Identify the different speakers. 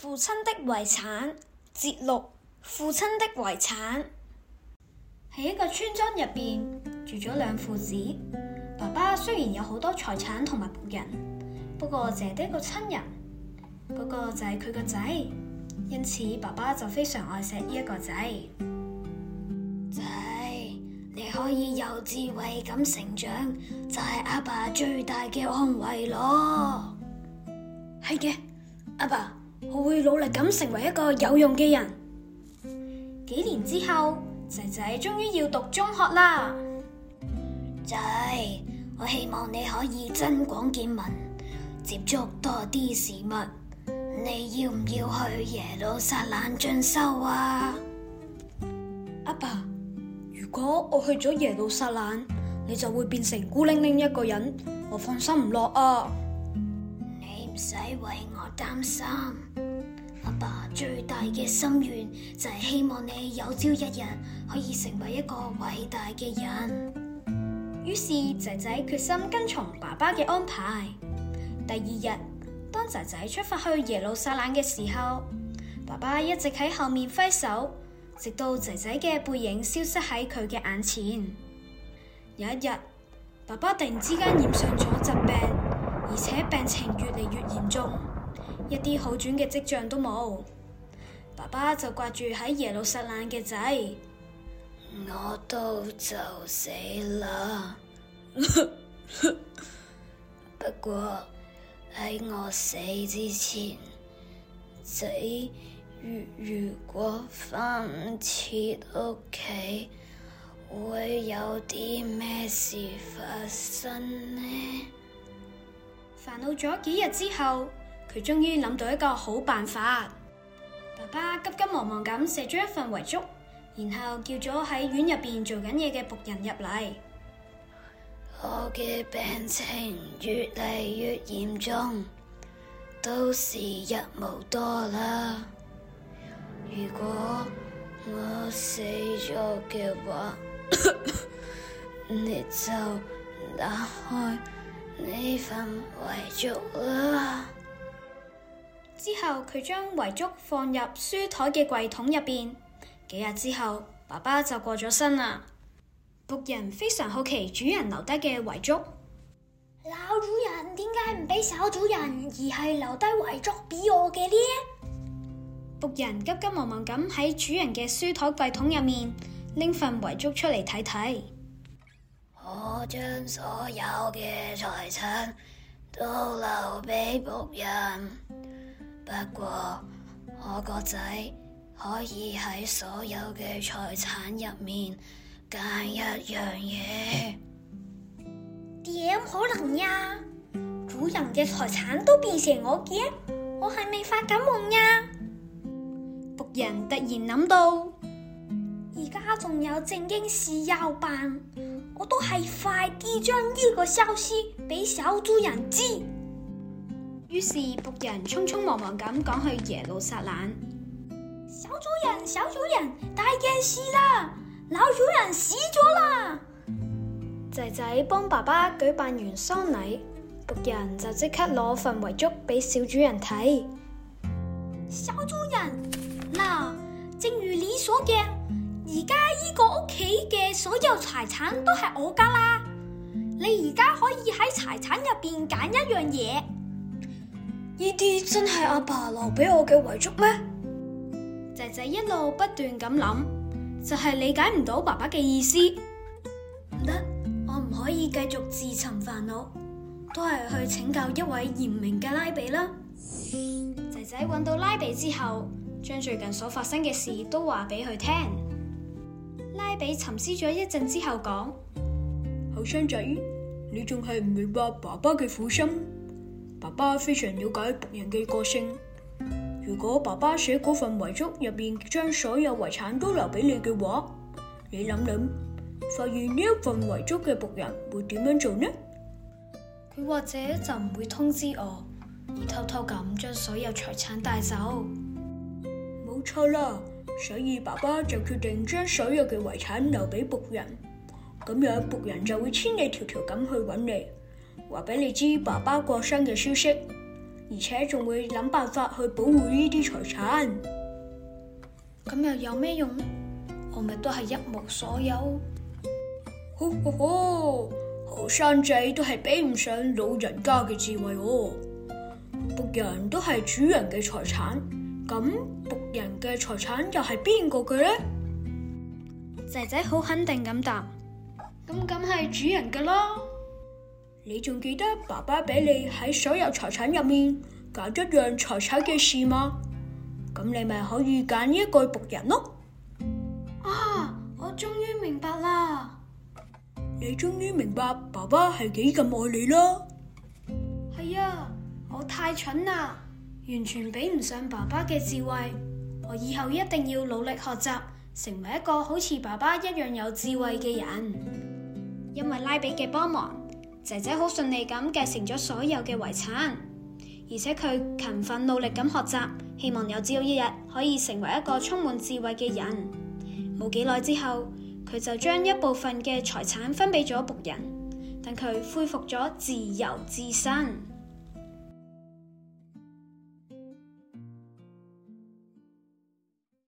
Speaker 1: 父親的遺產節錄。父親的遺產，喺一個村莊入邊住咗兩父子。爸爸雖然有好多財產同埋僕人，不過姐姐個親人嗰個就係佢個仔，因此爸爸就非常愛錫呢一個仔。
Speaker 2: 仔，你可以有智慧咁成長，就係阿爸最大嘅安慰咯。係嘅，
Speaker 1: 阿爸。我會努力咁成為一個有用嘅人。幾年之
Speaker 2: 後，仔仔終於要讀中學啦。仔，我希望你可以增廣見聞，接觸多啲事物。你要唔要去耶路撒冷進修啊？
Speaker 1: 阿爸，爸，如果我去咗耶路撒冷，你就會變成孤零零一個人，我放心唔落啊。
Speaker 2: 唔使為我擔心，爸爸最大嘅心願就係希望你有朝一日可以成為一個偉大嘅人。於是仔仔
Speaker 1: 決心跟從爸爸嘅安排。第二日，當仔仔出發去耶路撒冷嘅時候，爸爸一直喺後面揮手，直到仔仔嘅背影消失喺佢嘅眼前。有一日，爸爸突然之間染上咗疾病。而且病情越嚟越嚴重，一啲好轉嘅跡象都冇。爸爸就掛住喺耶路撒冷嘅仔。
Speaker 2: 我都就死啦。 不過喺我死之前，仔如如果翻唔切屋企，會有啲咩事發
Speaker 1: 生呢？煩惱咗幾日之後，佢終於諗到一個好辦法。爸爸急急忙忙咁寫咗一份遺囑，然後叫咗喺院入邊做緊嘢嘅僕人入嚟。
Speaker 2: 我嘅病情，越嚟越嚴重，都時日無多啦。如果我死咗嘅話， 你就打開。呢份遺囑啦，
Speaker 1: 啊，之後佢將遺囑放入書台嘅櫃桶入邊。幾日之後，爸爸就過咗身啦。僕人非常好奇主人留低嘅遺囑。老主人點解唔俾小主人，而係留低遺囑俾我嘅呢？僕人急急忙忙咁喺主人嘅書台櫃桶入面拎份遺囑出嚟睇睇。
Speaker 2: 我將所有嘅財產都留俾僕人，不過我個仔可以喺所有嘅財產入面揀一樣嘢。
Speaker 1: 點可能呀？主人嘅財產都變成我嘅？我係咪發緊夢呀？僕人突然諗到，而家仲有正經事要辦。我都係快啲將呢個消息俾小主人知。於是僕人匆匆忙忙咁趕去耶路撒冷。小主人，小主人，大件事啦！老主人死咗啦！仔仔幫爸爸舉辦完喪禮，僕人就即刻攞份遺囑俾小主人睇。小主人，嗱，正如你所見。而家呢個屋企嘅所有財產都係我㗎啦，你而家可以喺財產入邊揀一樣嘢。呢啲真係阿爸留俾我嘅遺囑咩？仔仔一路不斷咁諗，就係理解唔到爸爸嘅意思。唔得，我唔可以繼續自尋煩惱，都係去請教一位賢明嘅拉比啦。仔仔搵到拉比之後，將最近所發生嘅事都話俾佢聽。俾沉思咗一陣之後，講：後生仔，你仲係唔明白爸爸嘅苦心？爸爸非常了解僕人嘅個性。如果爸爸寫嗰份遺囑入邊將所有遺產都留俾你嘅話，你諗諗，發現呢一份遺囑嘅僕人會點樣做呢？佢或者就唔會通知我，而偷偷咁將所有財產帶走。冇錯啦。所以爸爸就決定將所有嘅遺產留俾僕人，咁樣僕人就會千里迢迢咁去搵你，話俾你知爸爸過身嘅消息，而且仲會諗辦法去保護呢啲財產。咁又有咩用？我咪都係一無所有。嗬嗬嗬，後生仔都係比唔上老人家嘅智慧哦。僕人都係主人嘅財產。咁僕人嘅財產又係邊個嘅咧？仔仔好肯定咁答，咁咁係主人噶啦。你仲記得爸爸俾你喺所有財產入面揀一樣財產嘅事嗎？咁你咪可以揀呢個僕人咯。啊！我終於明白啦。你終於明白爸爸係幾咁愛你啦。係啊我， 我太蠢啦。完全比唔上爸爸嘅智慧，我以後一定要努力學習，成為一個好似爸爸一樣有智慧嘅人。因為拉比嘅幫忙，姐姐好順利咁繼承咗所有嘅遺產，而且佢勤奮努力咁學習，希望有朝一日可以成為一個充滿智慧嘅人。冇幾耐之後，佢就將一部分嘅財產分俾咗僕人，等佢恢復咗自由之身。